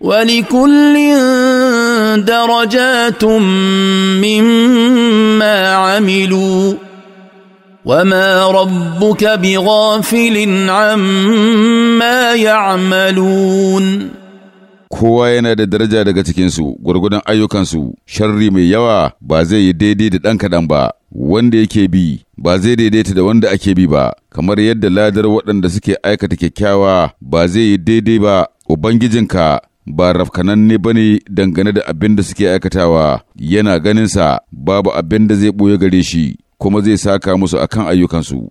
ولكل درجات مما عملوا وما ربك بغافل عما يعملون kowa yana da daraja daga cikinsu gwargwadon ayyukansu sharri mai yawa ba zai yi daidai da ɗan kaɗan ba wanda yake bi ba zai daidaita da wanda ake bi ba kamar yadda ladar waɗanda suke aikata kyakkyawa ba zai yi daidai ba ubangijinka ba rafkananne ba ne dangane da abin da suke aikatawa yana ganin sa babu abin da zai ɓoye gare shi kuma zai saka musu akan ayyukansu.